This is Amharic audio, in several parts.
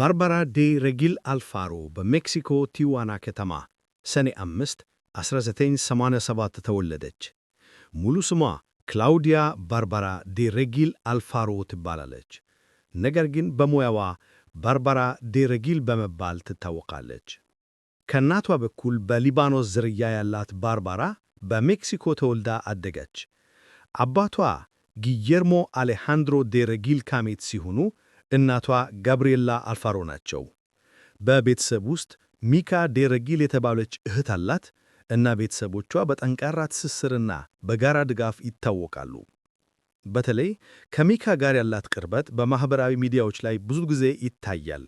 ባርባራ ዴ ረጊል አልፋሮ በሜክሲኮ ቲዋና ከተማ ሰኔ 5 1987 ተወለደች። ሙሉ ስሟ ክላውዲያ ባርባራ ዴ ረጊል አልፋሮ ትባላለች። ነገር ግን በሙያዋ ባርባራ ዴ ረጊል በመባል ትታወቃለች። ከእናቷ በኩል በሊባኖስ ዝርያ ያላት ባርባራ በሜክሲኮ ተወልዳ አደገች። አባቷ ጊየርሞ አሌሃንድሮ ዴ ካሜት ሲሆኑ እናቷ ጋብርኤላ አልፋሮ ናቸው። በቤተሰብ ውስጥ ሚካ ዴረጊል የተባለች እህት አላት እና ቤተሰቦቿ በጠንካራ ትስስርና በጋራ ድጋፍ ይታወቃሉ። በተለይ ከሚካ ጋር ያላት ቅርበት በማኅበራዊ ሚዲያዎች ላይ ብዙ ጊዜ ይታያል።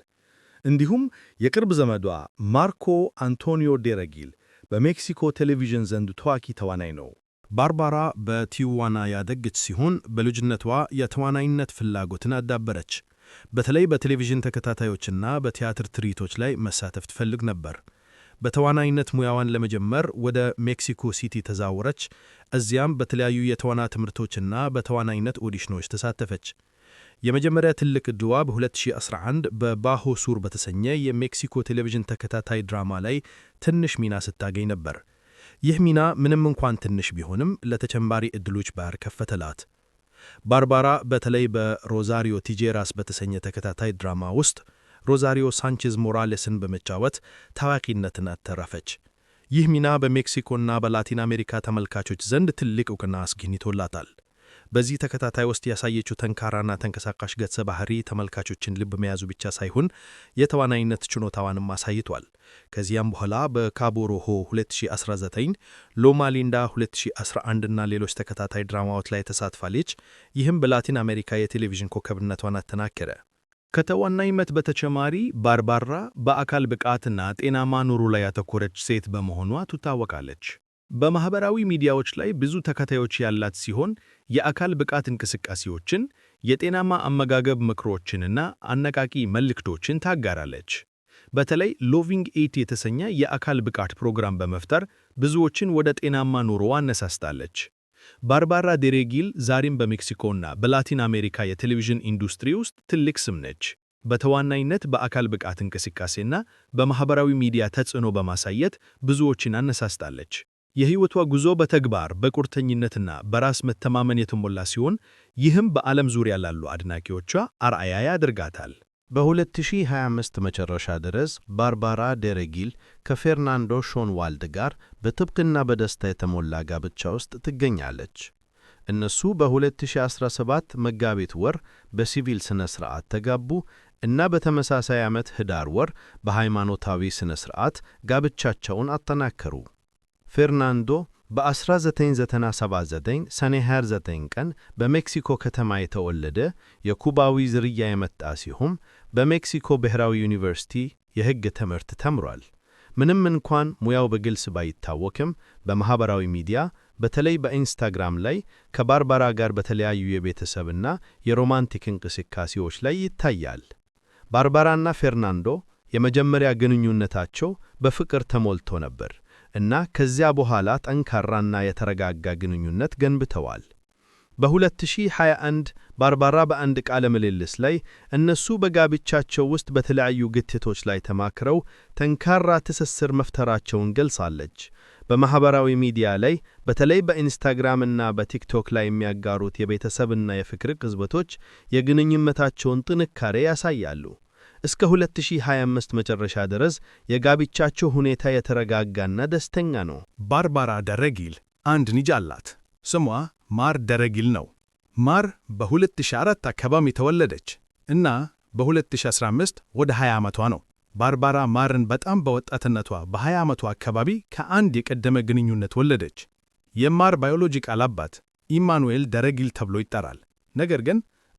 እንዲሁም የቅርብ ዘመዷ ማርኮ አንቶኒዮ ዴረጊል በሜክሲኮ ቴሌቪዥን ዘንድ ታዋቂ ተዋናይ ነው። ባርባራ በቲዋና ያደገች ሲሆን በልጅነቷ የተዋናይነት ፍላጎትን አዳበረች። በተለይ በቴሌቪዥን ተከታታዮችና በቲያትር ትርኢቶች ላይ መሳተፍ ትፈልግ ነበር። በተዋናይነት ሙያዋን ለመጀመር ወደ ሜክሲኮ ሲቲ ተዛወረች። እዚያም በተለያዩ የተዋና ትምህርቶችና በተዋናይነት ኦዲሽኖች ተሳተፈች። የመጀመሪያ ትልቅ ዕድሏ በ2011 በባሆ ሱር በተሰኘ የሜክሲኮ ቴሌቪዥን ተከታታይ ድራማ ላይ ትንሽ ሚና ስታገኝ ነበር። ይህ ሚና ምንም እንኳን ትንሽ ቢሆንም ለተጨማሪ ዕድሎች በር ከፈተላት። ባርባራ በተለይ በሮዛሪዮ ቲጄራስ በተሰኘ ተከታታይ ድራማ ውስጥ ሮዛሪዮ ሳንቼዝ ሞራሌስን በመጫወት ታዋቂነትን አተረፈች። ይህ ሚና በሜክሲኮና በላቲን አሜሪካ ተመልካቾች ዘንድ ትልቅ ዕውቅና አስገኝቶላታል። በዚህ ተከታታይ ውስጥ ያሳየችው ጠንካራና ተንቀሳቃሽ ገጸ ባህሪ ተመልካቾችን ልብ መያዙ ብቻ ሳይሆን የተዋናይነት ችሎታዋንም አሳይቷል። ከዚያም በኋላ በካቦሮሆ 2019 ሎማሊንዳ 2011 እና ሌሎች ተከታታይ ድራማዎች ላይ ተሳትፋለች። ይህም በላቲን አሜሪካ የቴሌቪዥን ኮከብነቷን አተናከረ ከተዋናይነት በተጨማሪ ባርባራ በአካል ብቃትና ጤናማ ኑሮ ላይ ያተኮረች ሴት በመሆኗ ትታወቃለች። በማኅበራዊ ሚዲያዎች ላይ ብዙ ተከታዮች ያላት ሲሆን የአካል ብቃት እንቅስቃሴዎችን፣ የጤናማ አመጋገብ ምክሮችንና አነቃቂ መልእክቶችን ታጋራለች። በተለይ ሎቪንግ ኤት የተሰኘ የአካል ብቃት ፕሮግራም በመፍጠር ብዙዎችን ወደ ጤናማ ኑሮ አነሳስታለች። ባርባራ ዴሬጊል ዛሬም በሜክሲኮና በላቲን አሜሪካ የቴሌቪዥን ኢንዱስትሪ ውስጥ ትልቅ ስም ነች። በተዋናይነት በአካል ብቃት እንቅስቃሴና በማኅበራዊ ሚዲያ ተጽዕኖ በማሳየት ብዙዎችን አነሳስታለች። የሕይወቷ ጉዞ በተግባር በቁርተኝነትና በራስ መተማመን የተሞላ ሲሆን ይህም በዓለም ዙሪያ ላሉ አድናቂዎቿ አርአያ ያደርጋታል። በ2025 መጨረሻ ድረስ ባርባራ ደረጊል ከፌርናንዶ ሾንዋልድ ጋር በጥብቅና በደስታ የተሞላ ጋብቻ ውስጥ ትገኛለች። እነሱ በ2017 መጋቢት ወር በሲቪል ሥነ ሥርዓት ተጋቡ እና በተመሳሳይ ዓመት ኅዳር ወር በሃይማኖታዊ ሥነ ሥርዓት ጋብቻቸውን አጠናከሩ። ፌርናንዶ በ1997 ሰኔ 29 ቀን በሜክሲኮ ከተማ የተወለደ የኩባዊ ዝርያ የመጣ ሲሆን በሜክሲኮ ብሔራዊ ዩኒቨርሲቲ የሕግ ትምህርት ተምሯል። ምንም እንኳን ሙያው በግልጽ ባይታወቅም በማኅበራዊ ሚዲያ በተለይ በኢንስታግራም ላይ ከባርባራ ጋር በተለያዩ የቤተሰብና የሮማንቲክ እንቅስቃሴዎች ላይ ይታያል። ባርባራና ፌርናንዶ የመጀመሪያ ግንኙነታቸው በፍቅር ተሞልቶ ነበር። እና ከዚያ በኋላ ጠንካራና የተረጋጋ ግንኙነት ገንብተዋል። በ2021 ባርባራ በአንድ ቃለ ምልልስ ላይ እነሱ በጋብቻቸው ውስጥ በተለያዩ ግትቶች ላይ ተማክረው ጠንካራ ትስስር መፍተራቸውን ገልጻለች። በማኅበራዊ ሚዲያ ላይ በተለይ በኢንስታግራምና በቲክቶክ ላይ የሚያጋሩት የቤተሰብና የፍቅር ቅጽበቶች የግንኙነታቸውን ጥንካሬ ያሳያሉ። እስከ 2025 መጨረሻ ድረስ የጋብቻቸው ሁኔታ የተረጋጋና ደስተኛ ነው። ባርባራ ደረጊል አንድ ልጅ አላት። ስሟ ማር ደረጊል ነው። ማር በ2004 አካባቢ ተወለደች እና በ2015 ወደ 20 ዓመቷ ነው። ባርባራ ማርን በጣም በወጣትነቷ በ20 ዓመቷ አካባቢ ከአንድ የቀደመ ግንኙነት ወለደች። የማር ባዮሎጂካል አባት ኢማኑኤል ደረጊል ተብሎ ይጠራል። ነገር ግን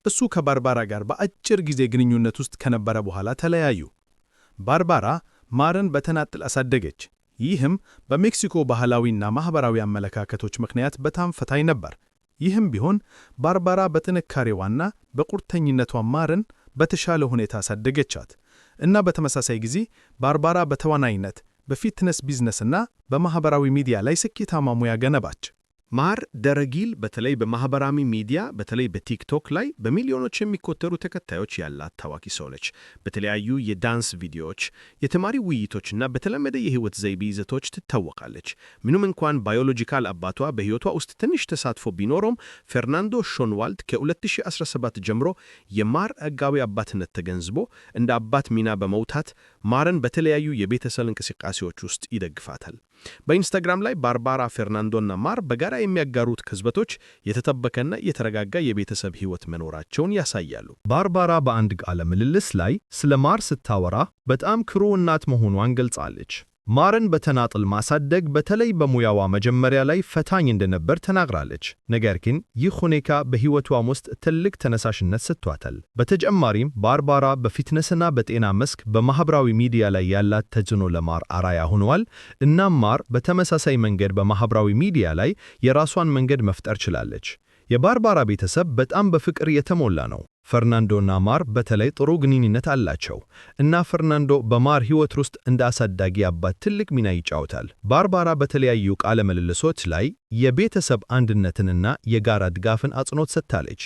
እሱ ከባርባራ ጋር በአጭር ጊዜ ግንኙነት ውስጥ ከነበረ በኋላ ተለያዩ። ባርባራ ማርን በተናጥል አሳደገች። ይህም በሜክሲኮ ባህላዊና ማኅበራዊ አመለካከቶች ምክንያት በጣም ፈታኝ ነበር። ይህም ቢሆን ባርባራ በጥንካሬዋና በቁርተኝነቷ ማርን በተሻለ ሁኔታ አሳደገቻት እና በተመሳሳይ ጊዜ ባርባራ በተዋናይነት፣ በፊትነስ ቢዝነስና በማኅበራዊ ሚዲያ ላይ ስኬታማ ሙያ ገነባች። ማር ደረጊል በተለይ በማህበራዊ ሚዲያ በተለይ በቲክቶክ ላይ በሚሊዮኖች የሚቆጠሩ ተከታዮች ያላት ታዋቂ ሰው ነች። በተለያዩ የዳንስ ቪዲዮዎች፣ የተማሪ ውይይቶችና በተለመደ የህይወት ዘይቤ ይዘቶች ትታወቃለች። ምንም እንኳን ባዮሎጂካል አባቷ በሕይወቷ ውስጥ ትንሽ ተሳትፎ ቢኖረውም ፌርናንዶ ሾንዋልድ ከ2017 ጀምሮ የማር ሕጋዊ አባትነት ተገንዝቦ እንደ አባት ሚና በመውታት ማረን በተለያዩ የቤተሰብ እንቅስቃሴዎች ውስጥ ይደግፋታል። በኢንስታግራም ላይ ባርባራ ፌርናንዶና ማር በጋራ የሚያጋሩት ክዝበቶች የተጠበቀና የተረጋጋ የቤተሰብ ሕይወት መኖራቸውን ያሳያሉ። ባርባራ በአንድ ቃለ ምልልስ ላይ ስለ ማር ስታወራ በጣም ክሩ እናት መሆኗን ገልጻለች። ማርን በተናጥል ማሳደግ በተለይ በሙያዋ መጀመሪያ ላይ ፈታኝ እንደነበር ተናግራለች። ነገር ግን ይህ ሁኔታ በሕይወቷም ውስጥ ትልቅ ተነሳሽነት ሰጥቷታል። በተጨማሪም ባርባራ በፊትነስና በጤና መስክ በማኅበራዊ ሚዲያ ላይ ያላት ተጽዕኖ ለማር አራያ ሆኗል። እናም ማር በተመሳሳይ መንገድ በማኅበራዊ ሚዲያ ላይ የራሷን መንገድ መፍጠር ችላለች። የባርባራ ቤተሰብ በጣም በፍቅር የተሞላ ነው። ፈርናንዶና ማር በተለይ ጥሩ ግንኙነት አላቸው እና ፈርናንዶ በማር ሕይወት ውስጥ እንደ አሳዳጊ አባት ትልቅ ሚና ይጫወታል። ባርባራ በተለያዩ ቃለ ምልልሶች ላይ የቤተሰብ አንድነትንና የጋራ ድጋፍን አጽንዖት ሰጥታለች።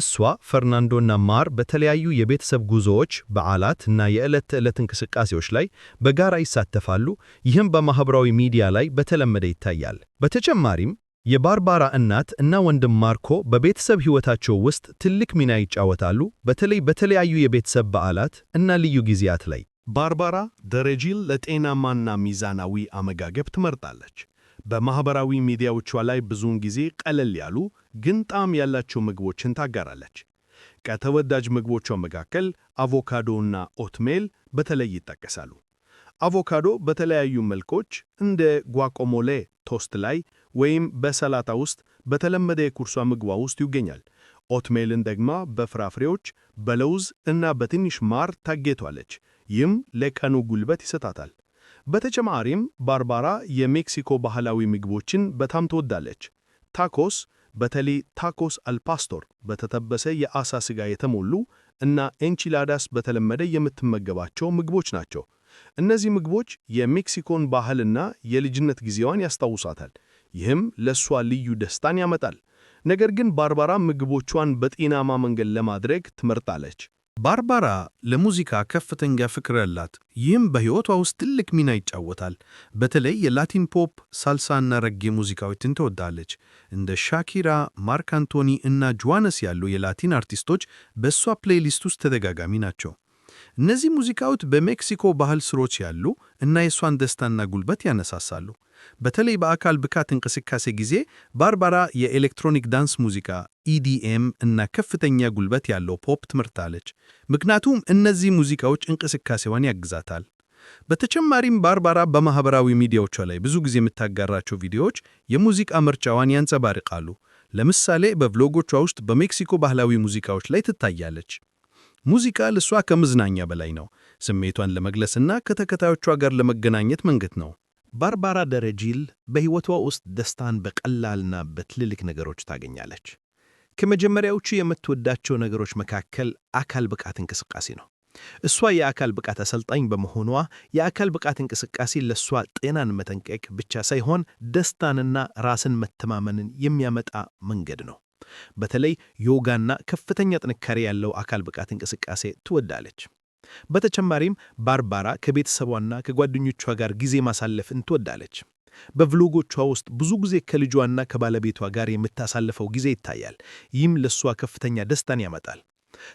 እሷ ፈርናንዶና ማር በተለያዩ የቤተሰብ ጉዞዎች፣ በዓላት እና የዕለት ተዕለት እንቅስቃሴዎች ላይ በጋራ ይሳተፋሉ። ይህም በማኅበራዊ ሚዲያ ላይ በተለመደ ይታያል። በተጨማሪም የባርባራ እናት እና ወንድም ማርኮ በቤተሰብ ሕይወታቸው ውስጥ ትልቅ ሚና ይጫወታሉ፣ በተለይ በተለያዩ የቤተሰብ በዓላት እና ልዩ ጊዜያት ላይ። ባርባራ ደረጂል ለጤናማና ሚዛናዊ አመጋገብ ትመርጣለች። በማኅበራዊ ሚዲያዎቿ ላይ ብዙውን ጊዜ ቀለል ያሉ ግን ጣዕም ያላቸው ምግቦችን ታጋራለች። ከተወዳጅ ምግቦቿ መካከል አቮካዶና ኦትሜል በተለይ ይጠቀሳሉ። አቮካዶ በተለያዩ መልኮች እንደ ጓቆሞሌ ቶስት ላይ ወይም በሰላጣ ውስጥ በተለመደ የኩርሷ ምግቧ ውስጥ ይገኛል። ኦትሜልን ደግሞ በፍራፍሬዎች በለውዝ እና በትንሽ ማር ታጌቷለች። ይህም ለቀኑ ጉልበት ይሰጣታል። በተጨማሪም ባርባራ የሜክሲኮ ባህላዊ ምግቦችን በጣም ትወዳለች። ታኮስ በተለይ ታኮስ አልፓስቶር በተጠበሰ የአሳ ስጋ የተሞሉ እና ኤንቺላዳስ በተለመደ የምትመገባቸው ምግቦች ናቸው። እነዚህ ምግቦች የሜክሲኮን ባህልና የልጅነት ጊዜዋን ያስታውሳታል። ይህም ለእሷ ልዩ ደስታን ያመጣል። ነገር ግን ባርባራ ምግቦቿን በጤናማ መንገድ ለማድረግ ትመርጣለች። ባርባራ ለሙዚቃ ከፍተኛ ፍቅር አላት። ይህም በሕይወቷ ውስጥ ትልቅ ሚና ይጫወታል። በተለይ የላቲን ፖፕ፣ ሳልሳና ረጌ ሙዚቃዎችን ትወዳለች። እንደ ሻኪራ፣ ማርክ አንቶኒ እና ጁዋነስ ያሉ የላቲን አርቲስቶች በእሷ ፕሌይሊስት ውስጥ ተደጋጋሚ ናቸው። እነዚህ ሙዚቃዎች በሜክሲኮ ባህል ስሮች ያሉ እና የእሷን ደስታና ጉልበት ያነሳሳሉ። በተለይ በአካል ብቃት እንቅስቃሴ ጊዜ ባርባራ የኤሌክትሮኒክ ዳንስ ሙዚቃ ኢዲኤም e እና ከፍተኛ ጉልበት ያለው ፖፕ ትመርጣለች፣ ምክንያቱም እነዚህ ሙዚቃዎች እንቅስቃሴዋን ያግዛታል። በተጨማሪም ባርባራ በማኅበራዊ ሚዲያዎቿ ላይ ብዙ ጊዜ የምታጋራቸው ቪዲዮዎች የሙዚቃ ምርጫዋን ያንጸባርቃሉ። ለምሳሌ በቭሎጎቿ ውስጥ በሜክሲኮ ባህላዊ ሙዚቃዎች ላይ ትታያለች። ሙዚቃ ለሷ ከመዝናኛ በላይ ነው። ስሜቷን ለመግለጽና ከተከታዮቿ ጋር ለመገናኘት መንገድ ነው። ባርባራ ደረጂል በሕይወቷ ውስጥ ደስታን በቀላልና በትልልቅ ነገሮች ታገኛለች። ከመጀመሪያዎቹ የምትወዳቸው ነገሮች መካከል አካል ብቃት እንቅስቃሴ ነው። እሷ የአካል ብቃት አሰልጣኝ በመሆኗ የአካል ብቃት እንቅስቃሴ ለእሷ ጤናን መጠንቀቅ ብቻ ሳይሆን ደስታንና ራስን መተማመንን የሚያመጣ መንገድ ነው። በተለይ ዮጋና ከፍተኛ ጥንካሬ ያለው አካል ብቃት እንቅስቃሴ ትወዳለች። በተጨማሪም ባርባራ ከቤተሰቧና ከጓደኞቿ ጋር ጊዜ ማሳለፍን ትወዳለች። በቭሎጎቿ ውስጥ ብዙ ጊዜ ከልጇና ከባለቤቷ ጋር የምታሳልፈው ጊዜ ይታያል። ይህም ለእሷ ከፍተኛ ደስታን ያመጣል።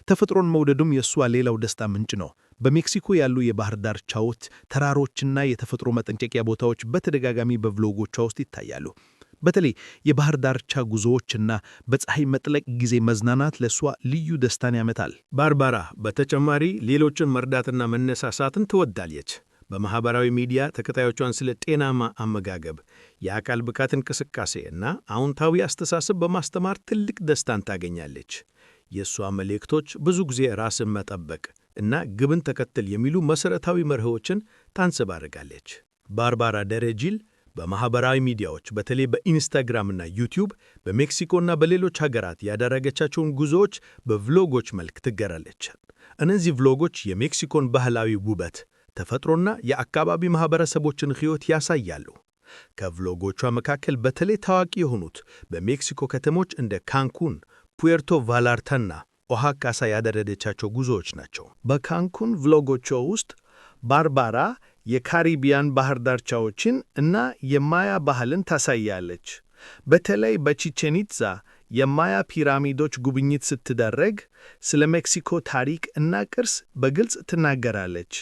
ተፈጥሮን መውደዱም የእሷ ሌላው ደስታ ምንጭ ነው። በሜክሲኮ ያሉ የባህር ዳርቻዎች፣ ተራሮችና የተፈጥሮ መጠንቀቂያ ቦታዎች በተደጋጋሚ በቭሎጎቿ ውስጥ ይታያሉ። በተለይ የባህር ዳርቻ ጉዞዎችና በፀሐይ መጥለቅ ጊዜ መዝናናት ለእሷ ልዩ ደስታን ያመጣል። ባርባራ በተጨማሪ ሌሎችን መርዳትና መነሳሳትን ትወዳለች። በማህበራዊ ሚዲያ ተከታዮቿን ስለ ጤናማ አመጋገብ፣ የአካል ብቃት እንቅስቃሴ እና አዎንታዊ አስተሳሰብ በማስተማር ትልቅ ደስታን ታገኛለች። የእሷ መልእክቶች ብዙ ጊዜ ራስን መጠበቅ እና ግብን ተከተል የሚሉ መሠረታዊ መርህዎችን ታንጸባርቃለች። ባርባራ ደረጂል በማኅበራዊ ሚዲያዎች በተለይ በኢንስታግራምና ዩቲዩብ በሜክሲኮና በሌሎች ሀገራት ያደረገቻቸውን ጉዞዎች በቭሎጎች መልክ ትገራለች። እነዚህ ቭሎጎች የሜክሲኮን ባህላዊ ውበት፣ ተፈጥሮና የአካባቢ ማኅበረሰቦችን ሕይወት ያሳያሉ። ከቭሎጎቿ መካከል በተለይ ታዋቂ የሆኑት በሜክሲኮ ከተሞች እንደ ካንኩን፣ ፑዌርቶ ቫላርታና ኦሃካሳ ያደረገቻቸው ጉዞዎች ናቸው። በካንኩን ቭሎጎቿ ውስጥ ባርባራ የካሪቢያን ባህር ዳርቻዎችን እና የማያ ባህልን ታሳያለች። በተለይ በቺቼኒትዛ የማያ ፒራሚዶች ጉብኝት ስትደረግ ስለ ሜክሲኮ ታሪክ እና ቅርስ በግልጽ ትናገራለች።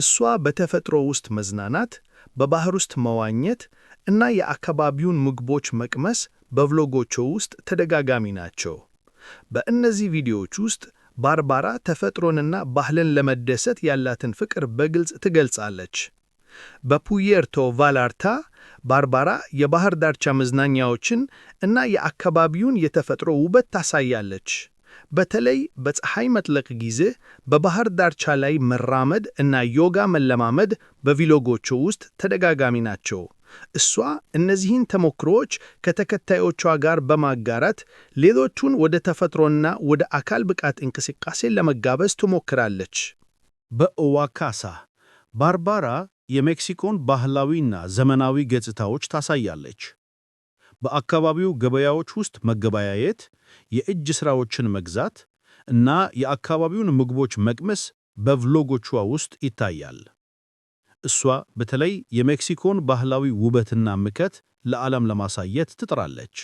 እሷ በተፈጥሮ ውስጥ መዝናናት፣ በባህር ውስጥ መዋኘት እና የአካባቢውን ምግቦች መቅመስ በቭሎጎቹ ውስጥ ተደጋጋሚ ናቸው። በእነዚህ ቪዲዮዎች ውስጥ ባርባራ ተፈጥሮንና ባህልን ለመደሰት ያላትን ፍቅር በግልጽ ትገልጻለች። በፑየርቶ ቫላርታ ባርባራ የባህር ዳርቻ መዝናኛዎችን እና የአካባቢውን የተፈጥሮ ውበት ታሳያለች። በተለይ በፀሐይ መጥለቅ ጊዜ በባህር ዳርቻ ላይ መራመድ እና ዮጋ መለማመድ በቪሎጎቹ ውስጥ ተደጋጋሚ ናቸው። እሷ እነዚህን ተሞክሮዎች ከተከታዮቿ ጋር በማጋራት ሌሎቹን ወደ ተፈጥሮና ወደ አካል ብቃት እንቅስቃሴ ለመጋበዝ ትሞክራለች። በኦዋካሳ ባርባራ የሜክሲኮን ባህላዊና ዘመናዊ ገጽታዎች ታሳያለች። በአካባቢው ገበያዎች ውስጥ መገበያየት፣ የእጅ ሥራዎችን መግዛት እና የአካባቢውን ምግቦች መቅመስ በቭሎጎቿ ውስጥ ይታያል። እሷ በተለይ የሜክሲኮን ባህላዊ ውበትና ምከት ለዓለም ለማሳየት ትጥራለች።